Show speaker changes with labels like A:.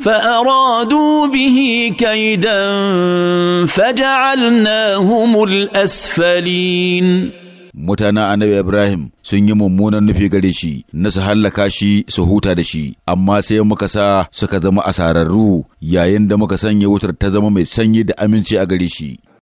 A: فأرادوا به كيدا فجعلناهم
B: الأسفلين mutanen annabi Ibrahim sun yi mummunan nufi gare shi na su hallaka shi su huta da shi amma sai muka sa suka zama asararru yayin da muka sanya wutar ta zama mai sanyi da aminci a gare shi